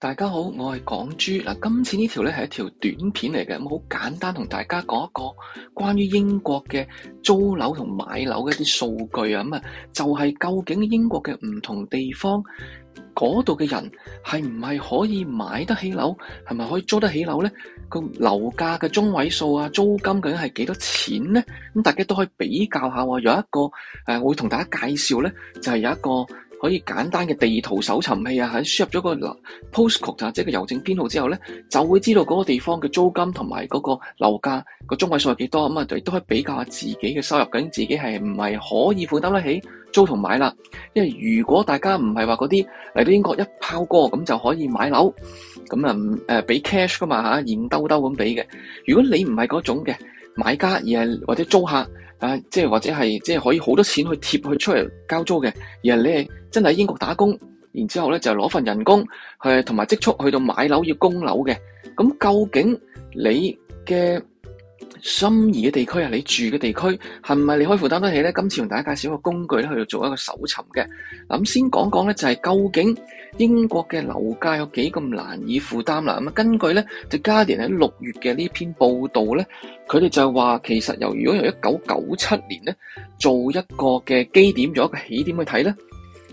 大家好，我係港豬嗱、啊，今次條呢條咧係一條短片嚟嘅。咁、嗯、好簡單同大家講一個關於英國嘅租樓同買樓嘅一啲數據啊，咁、嗯、啊就係、是，究竟英國嘅唔同地方嗰度嘅人係唔係可以買得起樓，係咪可以租得起樓咧？個樓價嘅中位數啊，租金究竟係幾多錢咧？咁、嗯、大家都可以比較下。有一個誒，我會同大家介紹咧，就係有一個。啊可以簡單嘅地圖搜尋器啊，喺輸入咗個 postcode 即係個郵政編號之後咧，就會知道嗰個地方嘅租金同埋嗰個樓價、個中位數係幾多咁啊。亦都可以比較下自己嘅收入，究竟自己係唔係可以負擔得起租同買啦。因為如果大家唔係話嗰啲嚟到英國一拋哥咁就可以買樓咁、呃、啊，唔俾 cash 噶嘛嚇現兜兜咁俾嘅。如果你唔係嗰種嘅。買家而係或者租客，啊，即係或者係即係可以好多錢去貼去出嚟交租嘅。而係你係真係英國打工，然之後咧就攞份人工去同埋積蓄去到買樓要供樓嘅，咁究竟你嘅？心儀嘅地區啊，你住嘅地區係咪你可以負擔得起咧？今次同大家介紹一個工具咧，去做一個搜尋嘅。咁先講講咧，就係究竟英國嘅樓價有幾咁難以負擔啦。咁啊，根據咧就《Guardian》喺六月嘅呢篇報導咧，佢哋就話其實由如果由一九九七年咧做一個嘅基點，做一個起點去睇咧。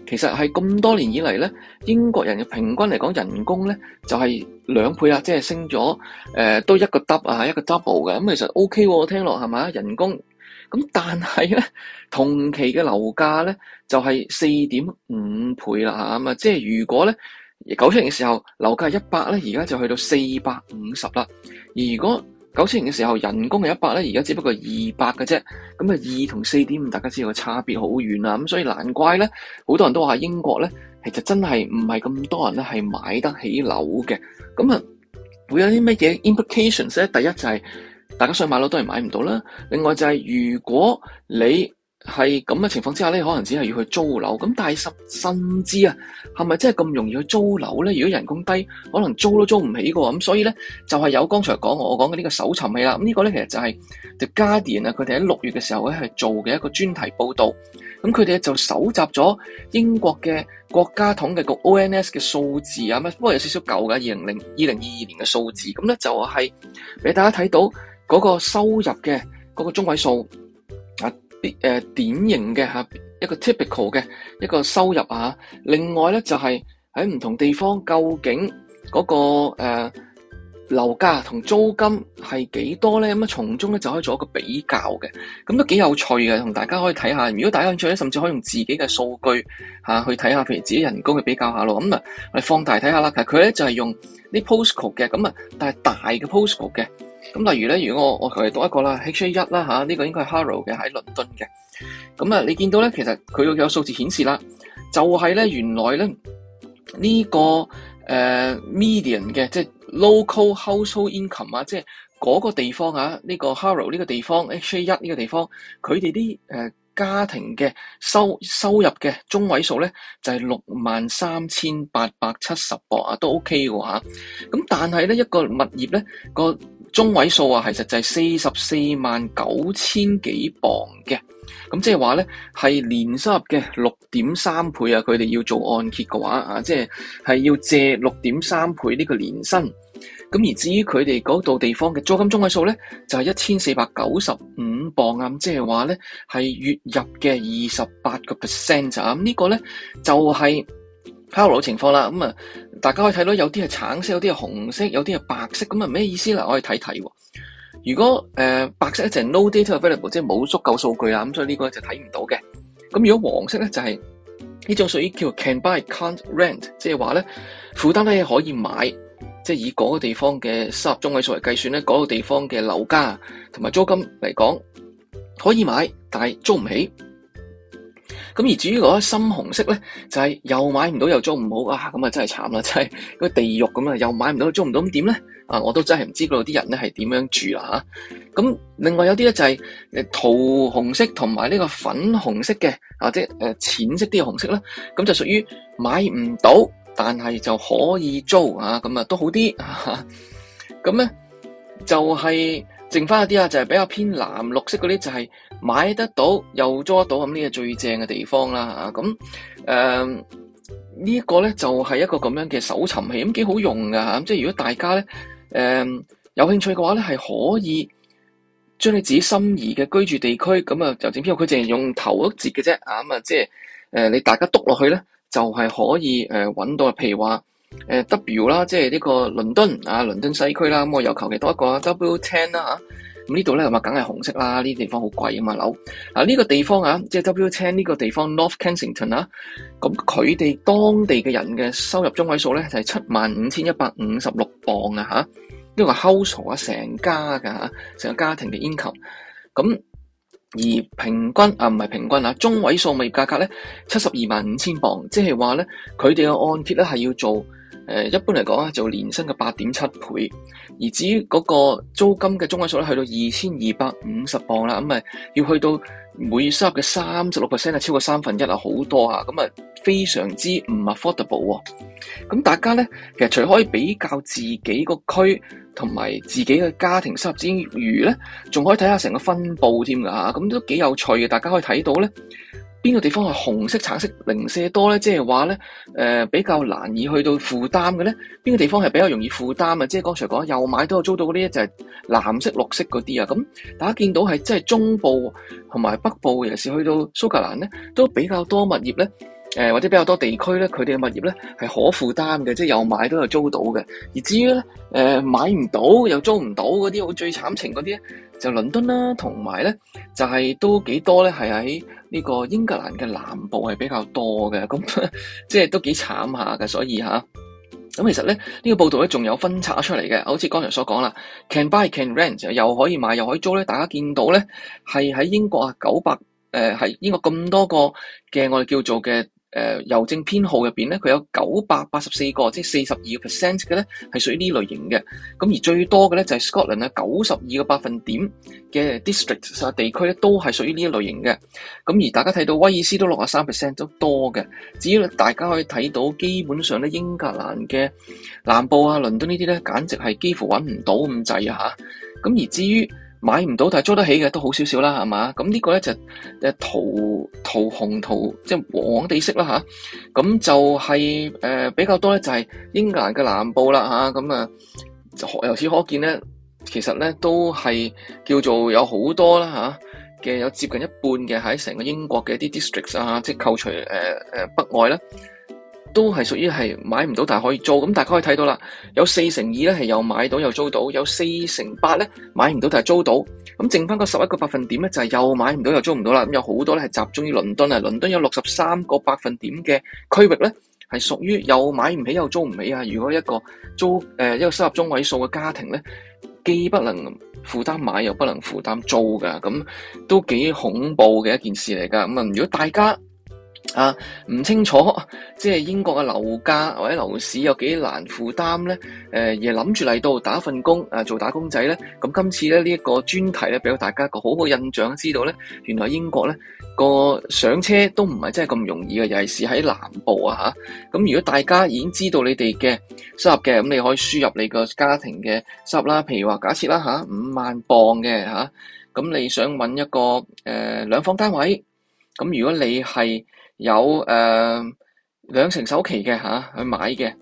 其實係咁多年以嚟咧，英國人嘅平均嚟講人工咧就係、是、兩倍啊，即係升咗誒、呃，都一個 double 啊，一個 double 嘅咁，其實 OK，聽落係咪啊，人工咁，但係咧同期嘅樓價咧就係四點五倍啦吓，咁啊，即係如果咧九七年嘅時候樓價係一百咧，而家就去到四百五十啦，而如果。九千年嘅時候，人工係一百咧，而家只不過二百嘅啫。咁啊，二同四點五，大家知道差別好遠啦。咁所以難怪咧，好多人都話英國咧，其實真係唔係咁多人咧係買得起樓嘅。咁啊，會有啲乜嘢 implications 咧？第一就係、是、大家想買樓都係買唔到啦。另外就係如果你係咁嘅情況之下咧，可能只係要去租樓咁，但係甚甚至啊，係咪真係咁容易去租樓咧？如果人工低，可能租都租唔起噶，咁，所以咧就係、是、有剛才講我講嘅呢個搜尋器啦。咁呢個咧其實就係 The Guardian 啊，佢哋喺六月嘅時候咧係做嘅一個專題報道。咁佢哋就搜集咗英國嘅國家統計局 ONS 嘅數字啊，咩不過有少少舊噶，二零零二零二二年嘅數字。咁咧就係俾大家睇到嗰個收入嘅嗰個中位數啊。啲典型嘅一個 typical 嘅一個收入啊，另外咧就係喺唔同地方究竟嗰個誒樓價同租金係幾多咧？咁啊，從中咧就可以做一個比較嘅，咁都幾有趣嘅，同大家可以睇下。如果大家興趣咧，甚至可以用自己嘅數據去睇下，譬如自己人工去比較下咯。咁、嗯、啊，我哋放大睇下啦。其實佢咧就係用啲 postcode 嘅，咁啊，但係大嘅 postcode 嘅。咁例如咧，如果我我求你讀一個啦，H A 一啦嚇，呢個應該係 Harrow 嘅喺倫敦嘅。咁啊，你見到咧，其實佢有有數字顯示啦，就係、是、咧原來咧呢、這個誒、呃、median 嘅，即係 local household income 啊，即係嗰個地方啊。呢個 Harrow 呢個地方，H A 一呢個地方，佢哋啲誒家庭嘅收收入嘅中位數咧就係六萬三千八百七十磅啊，都 OK 嘅喎嚇。咁但係咧一個物業咧個。中位數啊，其實就係四十四萬九千幾磅嘅，咁即係話咧係年收入嘅六點三倍啊，佢哋要做按揭嘅話啊，即係係要借六點三倍呢個年薪。咁而至於佢哋嗰度地方嘅租金中位數咧，就係一千四百九十五磅啊，咁即係話咧係月入嘅二十八個 percent 咋，咁呢個咧就係 household 情況啦，咁啊大家可以睇到有啲係橙色，有啲係紅色，有啲係白色，咁啊咩意思啦，我可以睇睇喎。如果誒、呃、白色咧就 no data available，即係冇足夠數據啦，咁所以呢個就睇唔到嘅。咁如果黃色咧就係呢種屬於叫 can buy can't rent，即係話咧負擔咧可以買，即係以嗰個地方嘅收入中位數嚟計算咧，嗰、那個地方嘅樓價同埋租金嚟講可以買，但係租唔起。咁而至於嗰個深紅色咧，就係、是、又買唔到又租唔好啊！咁啊真係慘啦，真係個地獄咁啊！又買唔到，到，租唔到，咁點咧？啊，我都真係唔知嗰度啲人咧係點樣住啦嚇！咁另外有啲咧就係誒桃紅色同埋呢個粉紅色嘅，即係誒淺色啲嘅紅色啦，咁就屬於買唔到，但係就可以租啊！咁啊都好啲。咁咧就係、是。剩翻一啲啊，就係比較偏藍綠色嗰啲，就係買得到又租得到，咁呢個最正嘅地方啦嚇。咁誒呢一個咧，就係一個咁樣嘅搜尋器，咁幾好用噶嚇、啊。即係如果大家咧誒、嗯、有興趣嘅話咧，係可以將你自己心儀嘅居住地區咁啊，就點因為佢淨係用頭一截嘅啫啊，咁啊，即係、呃、你大家督落去咧，就係、是、可以搵、呃、到譬如話。呃、w 啦，即係呢個倫敦啊，倫敦西區啦，咁、啊、我有求其多一個 W10 啦、啊、咁、啊、呢度咧咁咪梗係紅色啦，呢啲地方好貴啊嘛樓。啊呢、啊這個地方啊，即係 W10 呢個地方 North Kensington 啊。咁佢哋當地嘅人嘅收入中位數咧，就係七萬五千一百五十六磅啊吓，呢個 house 啊，成家㗎成個家庭嘅 income、啊。咁而平均啊唔係平均啊，中位數物業價格咧七十二萬五千磅，即係話咧佢哋嘅按揭咧係要做。誒一般嚟講啊，就年薪嘅八點七倍，而至於嗰個租金嘅中位數咧，去到二千二百五十磅啦，咁啊要去到每月收入嘅三十六 percent 咧，超過三分一啊，好多啊，咁啊非常之唔 affordable 喎。咁大家咧，其實除咗可以比較自己個區同埋自己嘅家庭收入之餘咧，仲可以睇下成個分佈添㗎嚇，咁都幾有趣嘅，大家可以睇到咧。邊個地方係紅色、橙色、零舍多咧？即係話咧，誒、呃、比較難以去到負擔嘅咧。邊個地方係比較容易負擔啊？即係剛才講又買到又租到嗰啲，就係藍色、綠色嗰啲啊。咁大家見到係即係中部同埋北部，尤其是去到蘇格蘭咧，都比較多物業咧。誒或者比較多地區咧，佢哋嘅物業咧係可負擔嘅，即係又買都有租到嘅。而至於咧，誒買唔到又租唔到嗰啲，好最慘情嗰啲咧，就倫敦啦，同埋咧就係、是、都幾多咧，係喺呢個英格蘭嘅南部係比較多嘅。咁即係都幾慘下嘅，所以吓，咁、啊、其實咧，呢、這個報道咧仲有分拆出嚟嘅，好似剛才所講啦，Can buy, can rent 又可以買又可以租咧。大家見到咧係喺英國啊九百誒係英國咁多個嘅我哋叫做嘅。誒郵、呃、政編號入邊咧，佢有九百八十四個，即係四十二 percent 嘅咧，係屬於呢類型嘅。咁而最多嘅咧就係、是、Scotland 啊，九十二個百分點嘅 district 地區咧都係屬於呢一類型嘅。咁而大家睇到威爾斯都六啊三 percent 都多嘅。至於大家可以睇到，基本上咧英格蘭嘅南部啊、倫敦呢啲咧，簡直係幾乎揾唔到咁滯啊嚇。咁而至於買唔到，但係租得起嘅都好少少啦，係嘛？咁呢個咧就誒桃桃紅桃，即係黃黃地色啦吓，咁、啊、就係、是、誒、呃、比較多咧，就係英格蘭嘅南部啦吓，咁啊，由此可見咧，其實咧都係叫做有好多啦吓，嘅、啊，有接近一半嘅喺成個英國嘅一啲 districts 啊，即係扣除誒誒、呃呃、北外啦都係屬於係買唔到，但係可以租。咁大家可以睇到啦，有四成二咧係又買到又租到，有四成八咧買唔到但係租到。咁剩翻個十一個百分點咧就係又買唔到又租唔到啦。咁有好多咧係集中於倫敦啊，倫敦有六十三個百分點嘅區域咧係屬於又買唔起又租唔起啊。如果一個租誒、呃、一個收入中位數嘅家庭咧，既不能負擔買又不能負擔租噶，咁都幾恐怖嘅一件事嚟噶。咁啊，如果大家。啊，唔清楚，即係英國嘅樓價或者樓市有幾難負擔咧？誒、呃，而諗住嚟到打份工，做打工仔咧。咁今次咧呢一、呢個專題咧，俾到大家一個好好印象，知道咧，原來英國咧個上車都唔係真係咁容易嘅，尤其是喺南部啊嚇。咁如果大家已經知道你哋嘅收入嘅，咁你可以輸入你個家庭嘅收入啦。譬如話假設啦嚇、啊，五萬磅嘅嚇，咁、啊、你想搵一個誒、呃、兩房單位，咁如果你係。有誒兩、呃、成首期嘅嚇、啊、去買嘅，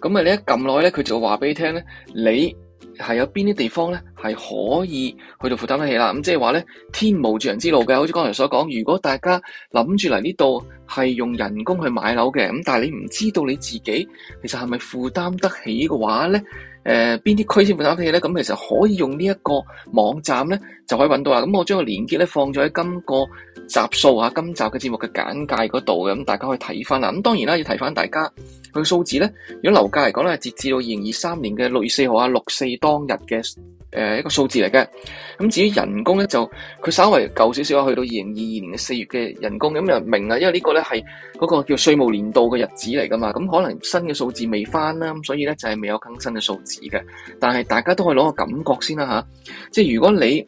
咁啊你一撳耐咧，佢就會話俾你聽咧，你係有邊啲地方咧係可以去到負擔得起啦？咁、嗯、即係話咧，天無絕人之路嘅。好似剛才所講，如果大家諗住嚟呢度係用人工去買樓嘅，咁但係你唔知道你自己其實係咪負擔得起嘅話咧？誒邊啲區先負擔得起咧？咁其實可以用呢一個網站咧，就可以揾到啦。咁我將個連結咧放咗喺今個集數啊，今集嘅節目嘅簡介嗰度嘅。咁大家可以睇翻啦。咁當然啦，要提翻大家佢數字咧。如果樓價嚟講咧，係截至到二零二三年嘅六月四號啊，六四當日嘅。誒，一個數字嚟嘅，咁至於人工咧就，佢稍微舊少少啊，去到二零二二年嘅四月嘅人工，咁又明啊，因為呢個咧係嗰個叫稅務年度嘅日子嚟㗎嘛，咁可能新嘅數字未翻啦，咁所以咧就係未有更新嘅數字嘅，但係大家都可以攞個感覺先啦吓，即係如果你。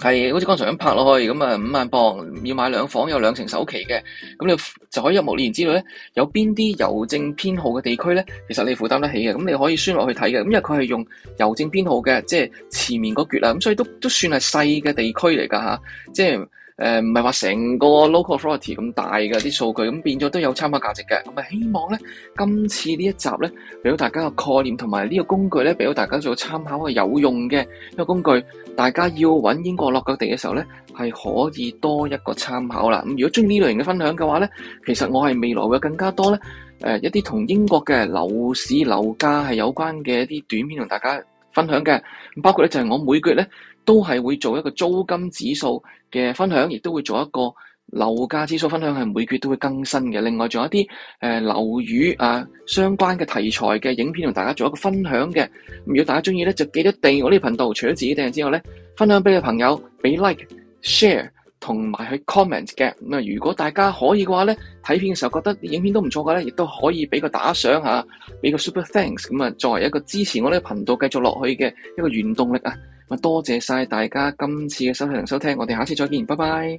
係好似剛才咁拍落去，咁啊五萬磅要買兩房有兩成首期嘅，咁你就可以一目了然知道咧，有邊啲郵政編號嘅地區咧，其實你負擔得起嘅，咁你可以輸落去睇嘅，咁因為佢係用郵政編號嘅，即係前面嗰橛啦，咁所以都都算係細嘅地區嚟㗎，即係誒唔係話成個 local authority 咁大嘅啲數據咁變咗都有參考價值嘅。咁希望咧，今次呢一集咧，俾到大家個概念同埋呢個工具咧，俾到大家做參考係有用嘅一個工具。大家要揾英國落腳地嘅時候咧，係可以多一個參考啦。咁如果中意呢類型嘅分享嘅話咧，其實我係未來會更加多咧、呃、一啲同英國嘅樓市樓價係有關嘅一啲短片同大家分享嘅。咁包括咧就係、是、我每個月咧都係會做一個租金指數嘅分享，亦都會做一個樓價指數分享，係每個月都會更新嘅。另外一，仲有啲誒樓宇啊相關嘅題材嘅影片，同大家做一個分享嘅。如果大家中意咧，就記得訂我呢個頻道。除咗自己訂之外咧，分享俾你朋友，俾 like、share 同埋去 comment 嘅。咁啊，如果大家可以嘅話咧，睇片嘅時候覺得影片都唔錯嘅咧，亦都可以俾個打賞吓，俾個 super thanks。咁啊，作為一個支持我呢個頻道繼續落去嘅一個原動力啊！多謝晒大家今次嘅收睇同收聽，我哋下次再見，拜拜。